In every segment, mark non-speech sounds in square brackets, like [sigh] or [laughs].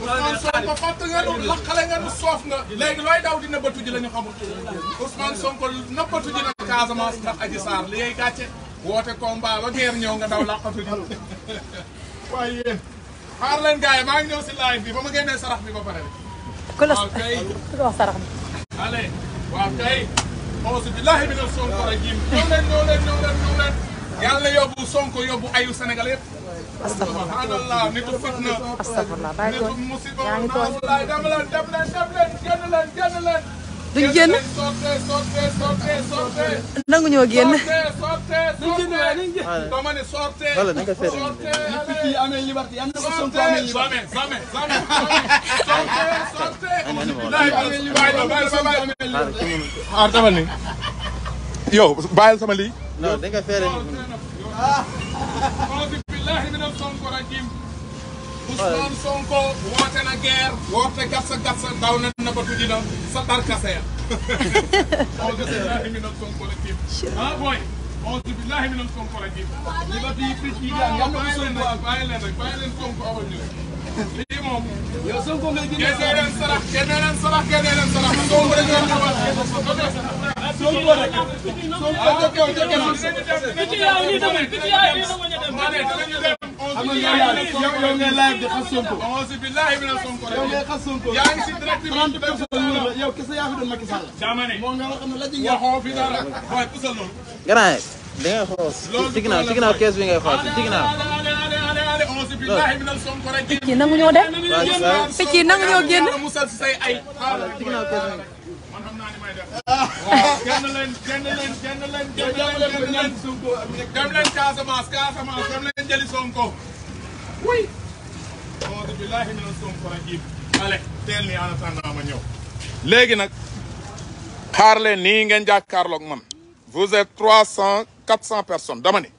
Ousmane Sonko fàtt nga nu laqale nga nu soof nga léegi looy daw di nëbbatu ji la ñu xamul Ousmane Sonko nëbbatu ji na Casamance ndax Adji Sarr li ngay gàcce woote combat ba guerre ñëw nga daw laqatu ji [laughs] waaye xaar leen gars yi maa ngi ñëw si live bi ba ma génnee sarax bi ba pare ku la sarax bi allez waaw kay auzu billahi mina Sonko rajim ñëw leen ñëw leen ñëw leen ñëw leen yàlla yóbbu Sonko yóbbu ayu Sénégal yëpp astafurlah nitu fitna astafurlah bàyyi tooñ yaa ngi tooñ dem leen dem leen dem leen génn leen génn leen duñ génn nangu ñoo génn dama ne sorte wala naka fete ni picc yi amee liberté yal na ko Sonko amee liberté jamais jamais sorte sorte bàyyil sama lii non da nga fere ni billahi mina sonko rajim Ousmane Sonko woote na guerre woote gatsa gatsa daw na na ba tuji na sa dar kaseer auzu billahi mina sonko rajim ah boy auzu billahi mina sonko rajim li ba di picc yi daal yàlla ko seen rek bàyyi leen rek bàyyi leen sonko awa ñu lii moom yow sonko ngay jënd kenn leen sarax kenn leen sarax kenn leen sarax sonko rek Sonko rek Sonko rek yow am na yow yow ngay live di xas Sonko. yow ngay xas Sonko. yaa ngi si direct bi 30 personnes la yow kese yaa fi doon Macky Sall. moo nga xam ne la ji waxoo fi dara waaye pusal loolu. gannaaw da ngay xool ci ginnaaw ci ginnaaw kees bi ngay xool ci ginnaaw. picc yi nangu ñoo def. picc yi nangu ñoo génn. ci ginnaaw kees bi. kenn leen kenn leen léegi nag xaar leen nii ngeen jàkkaarloog man vous cent quatre cent personnes dama ne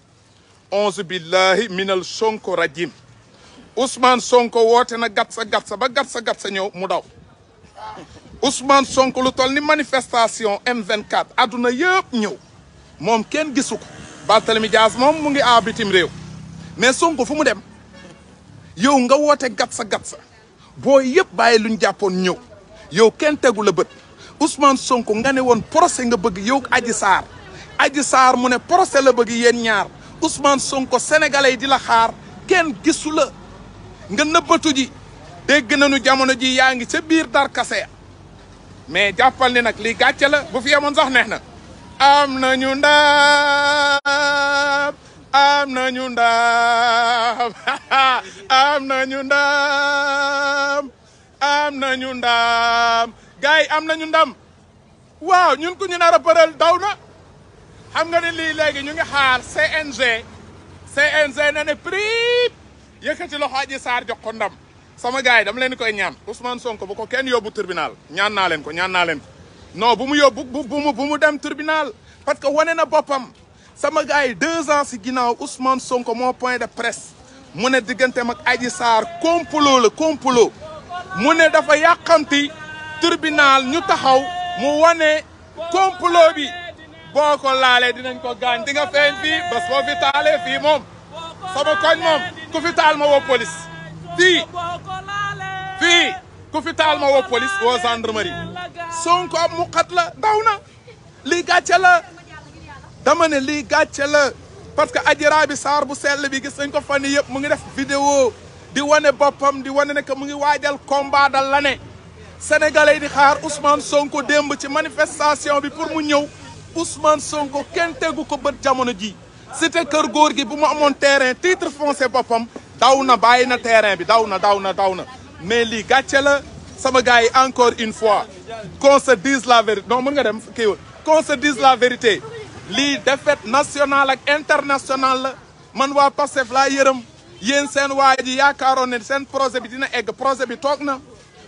onze billahi minal Sonko rajim Ousmane Sonko woote na gatsa gatsa ba gatsa gatsa ñëw mu daw Ousmane Sonko lu toll ni manifestation M24 àdduna yëpp ñëw moom kenn gisu ko Barthélemy Dias moom mu ngi a bitim réew mais Sonko fu mu dem yow nga woote gat sa sa boo yëpp bàyyi luñ jàppoon ñëw yow kenn tegu la bët Ousmane Sonko nga ne woon procès nga bëgg yow Adji Sarr Adji Sarr mu ne procès la bëgg yéen ñaar Ousmane Sonko sénégalais yi di la xaar kenn gisu la nga nëbbatu ji dégg nañu jamono ji yaa ngi ca biir darkase mais jàppal ni nag lii gàcce la bu fi yemoon sax neex na am nañu ndam am nañu ñu [laughs] am nañu ndam am nañu ndam gars yi am nañu ndam waaw ñun ku ñu nar a përal daw na xam nga ne lii léegi ñu ngi xaar CNG CNG na ne prip ci loxo Adji Sarr jox ko ndam sama gars yi dama leen koy ñaan Ousmane Sonko bu ko kenn yóbbu tribunal ñaan ko ñaan naa leen ko non bu mu yóbbu bu mu bu mu dem tribunal parce que wane na boppam sama gars yi deux ans si ginnaaw Ousmane Sonko moo point de presse mu ne diggante ak Adji Sarr complot la complot mu ne dafa yàqamti tribunal ñu taxaw mu wane complot bi boo ko laalee dinañ ko gaañ di nga feeñ fii bés boo fi moom sama koñ moom ku fi ma woo police fii fii ku fi taal ma woo police woo gendarmerie Sonko ab muqat la daw na lii gàcce la dama ne lii gàcce la parce que Adji Raby Sarr bu sell bi gis nañ ko fan yii yëpp mu ngi def vidéo di wane boppam di wane ne mu ngi waajal combat dal la ne sénégalais di xaar Ousmane Sonko démb ci manifestation bi pour mu ñëw Ousmane Sonko kenn tegu ko bët jamono ji te kër góor gi bu mu amoon terrain titre foncier boppam daw na bàyyi na terrain bi daw na daw na daw na mais lii gàcce la sama gars yi encore une fois qu'on la vérité non mën nga dem kii qu'on se la vérité lii défaite nationale ak internationale la man waa Pastef laa yërëm yéen seen waa yaakaaroon ne seen projet bi dina egg projet bi toog na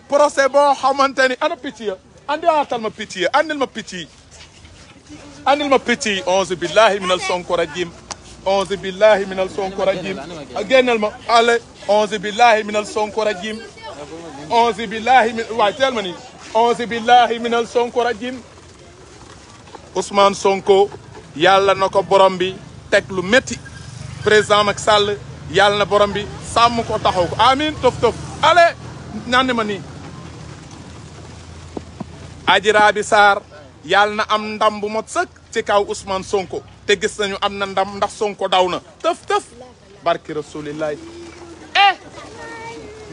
projet boo xamante ni ana picc ya andiwaatal ma picc ya andil ma picc yi andil ma picc yi onze billahi minal sonko rajim onze billahi minal sonko rajim génnal ma ale onze billahi minal sonko rajim onze billahi min waay teel ma ni onze billahi minal sonko rajim Ousmane Sonko yàlla na ko borom bi teg lu métti président Macky Sall yàlla na borom bi sàmm ko taxaw ko amin tof tof ale naan ma nii Adji Raby Sarr yàlla na am ndam bu mot sëkk ci kaw Ousmane Sonko te gis nañu am na ndam ndax Sonko daw na tëf tëf barki rasulillahi eh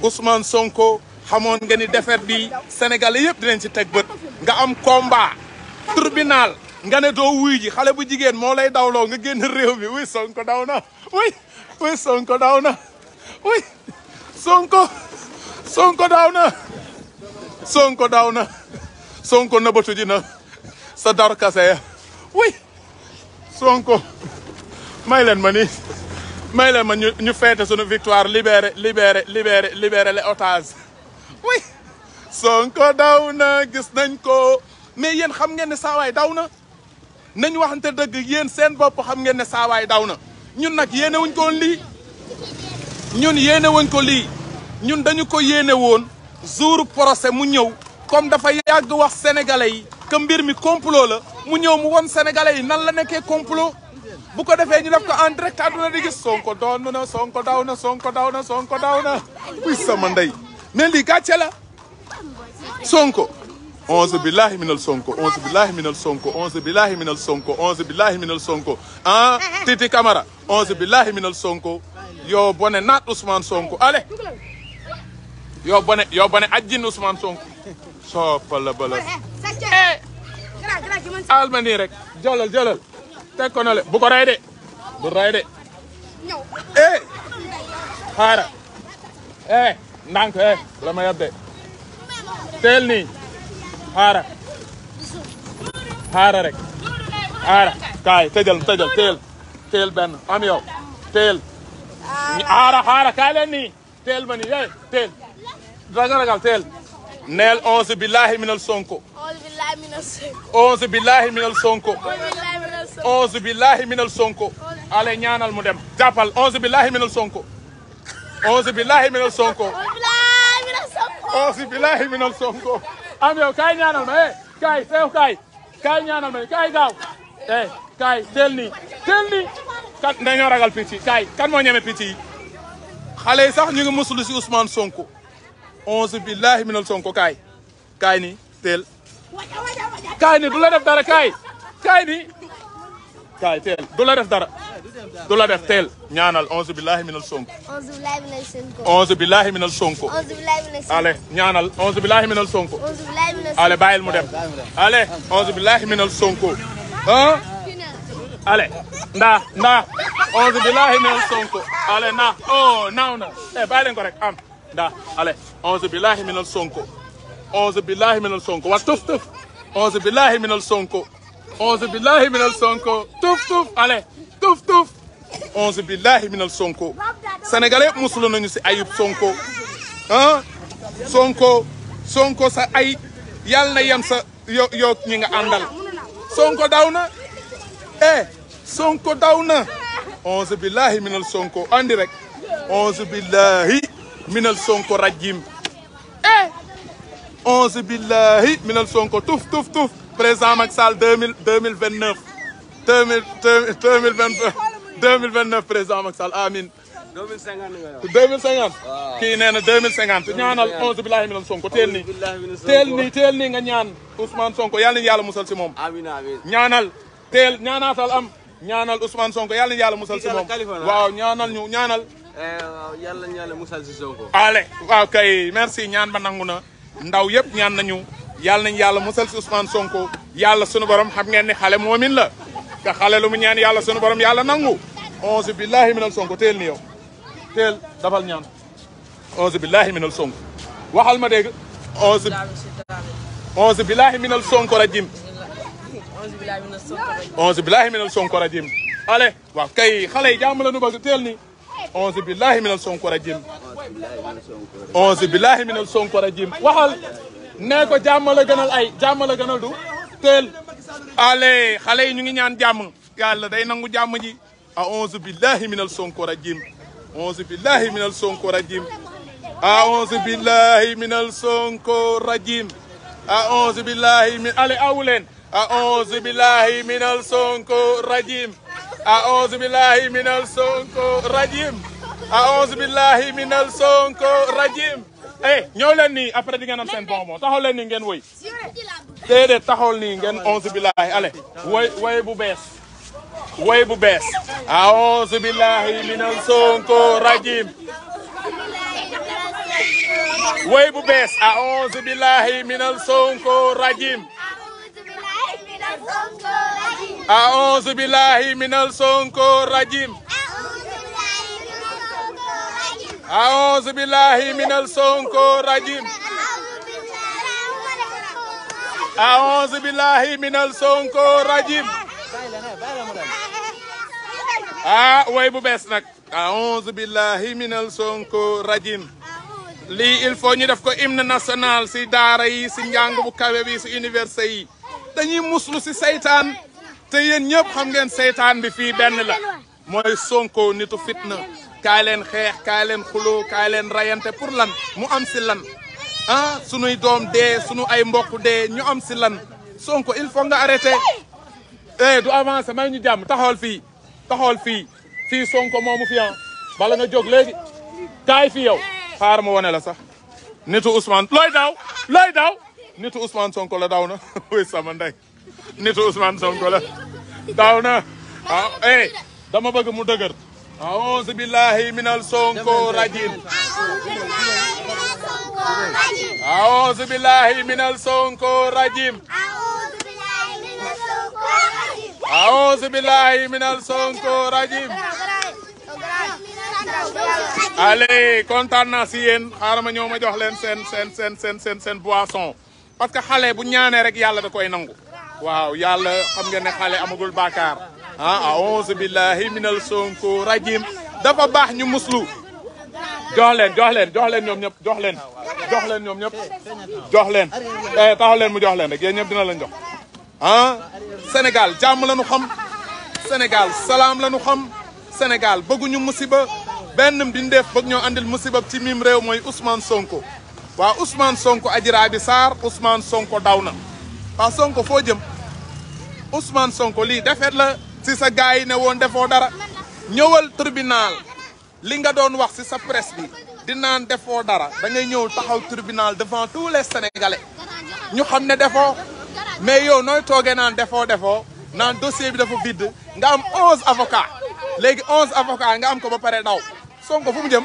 Ousmane Sonko xamoon nga ni defet bi Sénégalais yëpp dinañ ci teg bët nga am komba tribunal nga ne doo wuy ji xale bu jigéen moo lay dawloo nga génn réew mi oui Sonko daw na oui Sonko daw na oui Sonko daw na Sonko daw na Sonko nëbatu ji na sa dar oui Sonko may leen ma ni may leen ma ñu ñu feete sunu victoire libéré libéré libéré libéré les otages Sonko daw na gis nañ ko mais yéen xam ngeen ne saawaay daw na nañ waxante dëgg yéen seen bopp xam ngeen ne saawaay daw na ñun nag yéene wuñ ko lii ñun yéene wuñ ko lii ñun dañu ko yéene woon jour procès mu ñëw comme dafa yàgg wax sénégalais yi que mbir mi complot la mu ñëw mu won sénégalais yi nan la nekkee complot bu ko defee ñu def ko en direct àdduna di gis sonko doon na sonko daw na sonko daw na sonko daw na buy sama ndey mais lii gàcce la sonko onze billahi minal sonko onze billahi minal sonko onze billahi minal sonko onze billahi minal sonko ah titi camara onze billahi minal sonko yo bone naat ousmane sonko allez yo bone yo bone ajjin ousmane sonko soppala bala eh, eh. al ma nii rek jëlal jëlal teg ko na le bu ko ray de bu eh. la ma teel nii xaara xaara rek xaara kaay teel teel benn am teel xaara xaara kaay leen teel ma teel ragal ragal teel neel onze billahi minal sonko. onze billahi minal sonko. onze billahi minal sonko. ale ñaanal mu dem jàppal onze billahi minal sonko. onze billahi minal sonko. onze billahi minal sonko. am yow kaay ñaanal ma eh kaay teew kaay kaay ñaanal ma kaay gaaw eh kaay teel nii teel nii kat dañoo ragal picc yi kaay kan moo ñeme picc yi xale yi sax ñu ngi musulu si Ousmane Sonko. onze billahi minal sonko kaay kaay ni teel kaay ni du la def dara kaay kaay ni kaay teel du la def dara du la def teel ñaanal onze billahi minal sonko onze billahi minal sonko ale ñaanal onze billahi minal sonko ale bàyyil mu dem ale onze billahi minal sonko ah ale ndaa ndaa onze billahi minal sonko ale na o oh, naaw na e bàyyi leen ko rek am da ale onze billahi minal sonko onze billahi minal sonko wa tuf tuf onze billahi minal sonko onze billahi minal sonko tuf tuf ale tuf tuf onze billahi minal sonko sénégalais yëpp musulu si ayub sonko sonko sonko sa ay yàlla na yem sa yo yoog ñi nga sonko daw na eh sonko daw na minal sonko andi rek minal sonko rajim eh onze billahi minal sonko tuf tuf tuf président Macky Sall deux mille deux mille vingt neuf deux mille deux mille vingt deux mille vingt neuf président Macky Sall amin deux mille cinquante deux mille cinquante kii nee na deux mille cinquante ñaanal onze billahi minal sonko teel nii teel nii teel nii nga ñaan Ousmane Sonko yàlla na yàlla musal si moom amin amin ñaanal teel ñaanaatal am ñaanal Ousmane Sonko yàlla na yàlla musal si moom waaw ñaanal ñu yàlla ñu yàlla musal Sonko. allez waaw merci ñaan ba nangu na ndaw yëpp ñaan nañu yàlla nañu yàlla musal si Ousmane Sonko yàlla sunu borom xam ngeen ni xale moomin la te xale lu mu ñaan yàlla sunu borom yàlla nangu. onze billahi minal Sonko teel yow teel dafal ñaan onze billahi minal Sonko waxal ma dégg onze. billahi minal Sonko rajim. onze billahi minal Sonko rajim. allez waaw kay xale jàmm la bëgg teel onze billahi minal sonko rajim onze billahi minal sonko rajim waxal nee ko jàmm la gënal ay jàmm la gënal du teel ale xale yi ñu ngi ñaan jàmm yàlla day nangu jàmm ji a onze billahi minal sonko rajim onze billahi minal sonko rajim a onze billahi minal sonko rajim a onze billahi min ale awuleen a onze billahi minal sonko rajim أعوذ بالله من السونك الرجيم أعوذ بالله من السونك الرجيم eh ñëw leen nii après di ngeen am seen bonbon taxaw leen nii ngeen woy déedéet taxaw nii ngeen onze billahi ale woy woy bu bees woy bu bees aouzu billahi minal sonko rajim woy bu bees aouzu billahi minal sonko rajim أعوذ بالله من السونكو الرجيم أعوذ بالله من السونكو الرجيم أعوذ بالله من السونكو الرجيم ah way bu bees nag aouzu billahi minal sonko rajim lii il faut ñu def ko hymne national si daara yi si njàng bu kawe bi si université yi dañuy muslu si saytaan te yéen ñëpp xam ngeen seytaan bi fii benn la mooy Sonko nitu fitna kaay leen xeex kaay leen xuloo kaay leen rayante pour lan mu am si lan ah sunuy doom dee sunu ay mbokk dee ñu am si lan Sonko il faut nga arrêté eh du avancé may ñu jàmm taxawal fii taxawal fii fii Sonko moomu fi ah bala nga jóg léegi kaay fii yow xaar ma wane la sax nitu Ousmane looy daaw looy daaw nitu Ousmane Sonko la daaw na [laughs] wéy sama ndey nitu Ousmane Sonko la daaw na waaw eh ah, dama bëgg mu dëgër aouzu billahi minal sonko rajim aouzu billahi minal sonko rajim sonko rajim allez kontaan naa si yéen xaaral ma ñëw ma jox leen seen seen seen seen seen seen boisson parce que xale bu ñaanee rek yàlla da koy nangu waaw yàlla xam nga ne xale amagul bàkkaar ah aouzu billahi minal sonko rajim dafa baax ñu muslu jox leen jox leen jox leen ñoom ñëpp jox leen jox leen ñoom ñëpp jox leen taxaw leen mu jox leen rek yéen ñëpp dina leen jox ah Sénégal jàmm la ñu xam Sénégal salaam la ñu xam Sénégal bëgguñu musiba benn mbindeef bëgg ñoo andil musiba ci mim réew mooy Ousmane Sonko waa Ousmane Sonko Adji Raby Sarr Ousmane Sonko daw na waa Sonko foo jëm Ousmane Sonko lii defet la si sa gars yi ne woon defoo dara ñëwal tribunal li nga doon wax si sa presse bi dinaan defoo dara dangay ngay ñëw taxaw tribunal devant tous les sénégalais ñu xam ne defoo mais yow nooy tooge naan defoo defoo naan dossier bi dafa vide nga am onze avocats léegi onze avocats nga am ko ba pare daw Sonko fu mu jëm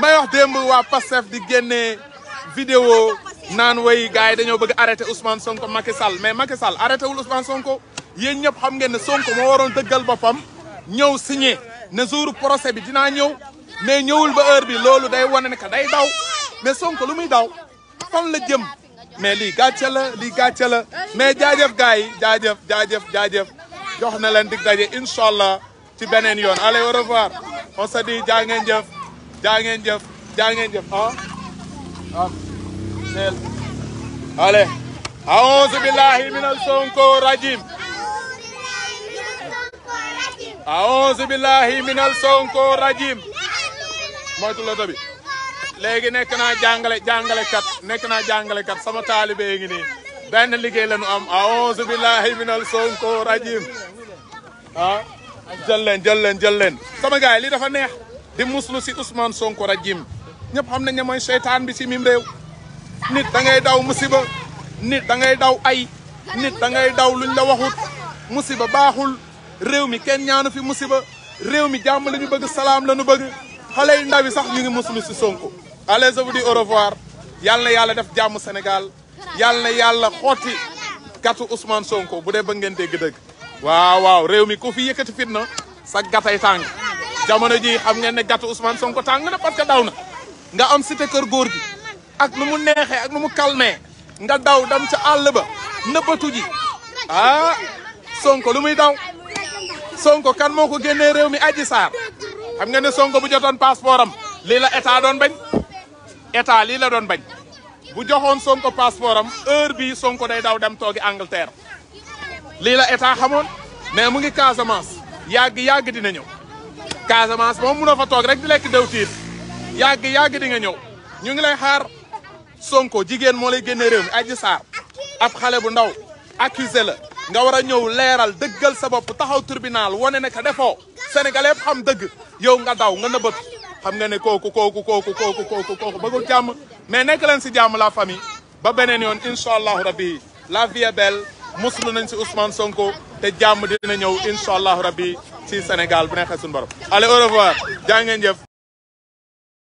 may wax démb waa Pastef di génnee vidéo naan way gars yi bëgg arrêté Ousmane Sonko Macky Sall mais Macky Sall arrêté wul Ousmane Sonko yéen ñëpp xam ngeen ne Sonko moo waroon dëggal boppam ñëw signé ne jour procès bi dinaa ñëw mais ñëwul ba heure bi day ne que day daw mais Sonko lu muy daw fan la jëm mais lii gàcce la lii gàcce la mais jaajëf gars yi jaajëf jaajëf jox na leen dig daje incha ci yoon allez au revoir on se dit jëf jëf ah. ah. Allez. Aouzu billahi minal sonko rajim. Aouzu billahi sonko rajim. moytu la tabi léegi nekk naa jàngale jàngalekat nekk naa jàngalekat sama taali ngi nii benn liggéey leen ñu am aouzu billahi minal sonko rajim ah jël leen jël leen jël leen sama gars li dafa neex di muslu si Ousmane Sonko rajim ñëpp xam nañ ne mooy seytaan bi si mim réew nit dangay ngay daw musiba nit da ngay daw ay nit da ngay daw luñ la waxut musiba baaxul réew mi kenn ñaanu fi musiba réew mi jàmm la ñu bëgg salaam la nu bëgg xale yu ndaw sax ñu ngi musulu si Sonko allez je vous dis au revoir yàlla na yàlla def jàmm senegal yàlla na yàlla xotti gàttu Ousmane Sonko bu dee bëgg ngeen dégg dëgg waaw waaw réew mi ku fi yëkkati fitna sa gàttay tàng jamono ji xam ngeen ne gàttu Ousmane Sonko tàng na parce que daw na nga am si kër góor gi ak nu mu neexee ak nu mu calmee nga daw dem ca àll ba nëbbatu ji ah Sonko lu muy daw Sonko kan moo ko génnee réew mi Adji Sarr xam nga ne Sonko bu jotoon passeport am lii la état doon bañ état lii la doon bañ bu joxoon Sonko passeport am heure bii Sonko day daw dem toogi Angleterre lii la état xamoon mais mu ngi Casamance yàgg yàgg dina ñëw Casamance moom mënoo fa toog rek di lekk dew tiir yàgg yàgg di nga ñëw ñu ngi lay xaar. Sonko jigéen moo lay génne réew mi Adji ab xale bu ndaw accusé la nga war a ñëw leeral dëggal sa bopp taxaw tribunal wane ne que defoo sénégalais xam dëgg yow nga daw nga nëbët xam nga ne kooku kooku kooku kooku kooku kooku bëggul jàmm mais nekk leen si jàmm la famille ba beneen yoon incha allahu rabbi la vie est belle muslu nañ si Ousmane Sonko te jàmm dina ñëw incha allahu rabbi si Sénégal bu neexee suñu barab allez au revoir jaa ngeen